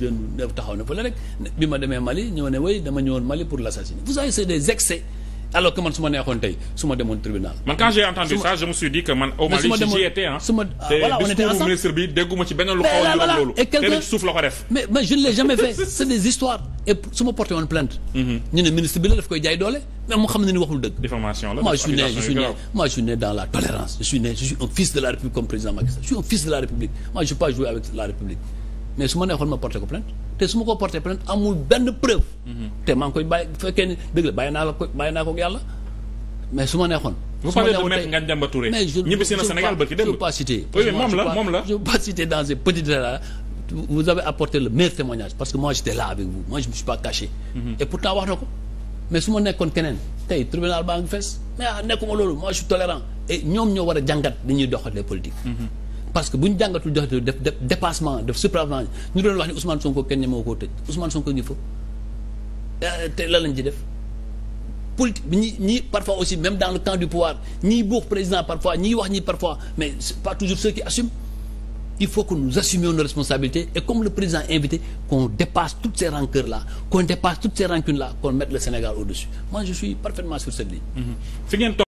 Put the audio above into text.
jeune bu taxaw fa la rek bi ma demee Mali ñoo ne way dama ñëwoon Mali pour l'assassiner vous savez c'est des excès alors que man su ma neexoon tey su ma demoon tribunal. man quand j'ai entendu ça je me suis dit que man. au su ma ah, voilà on et quelque suuf la ko def. mais je ne l'ai jamais fait c'est des histoires. su ma porté woon plainte. Mhm. ñu ne ministre bi la daf koy jaay doole. mais mu xam ne ni waxul dëgg. diffamation la moi je suis né dans la tolérance. mais su ma neexoon ma porté ko plainte te su ma ko porté plainte amul benn preuve. Mhm. te maa koy bàyyi bu fekkee ni dëgg la bàyyi naa la ko bàyyi naa ko ak yàlla mais su ma neexoon. su ma neexoon tey mais parce que moi j'étais là avec vous moi je me suis pas caché. Mhm. et pourtant wax na ko mais su ma nekkoon tey tribunal baa ngi mais ah, nekkuma loolu moi je tolérant et ñoom ñoo war a jàngat li ñuy doxalee politique. Mhm. parce que bu ñu jàngatul joxe def dépassement def supervention ñu doon wax ni Ousmane Sonko kenn ñemoo koo tëj Ousmane Sonko ngi fa euh, te lan lañ ci def politique bi ñi parfois aussi même dans le camp du pouvoir ñiy buux président parfois ñiy wax ñi parfois mais c'est pas toujours ceux qui assument il faut que nous assumions nos responsabilités et comme le président a invité qu'on dépasse toutes ces rancœurs là qu'on dépasse toutes ces rancunes là qu'on mette le Sénégal au-dessus moi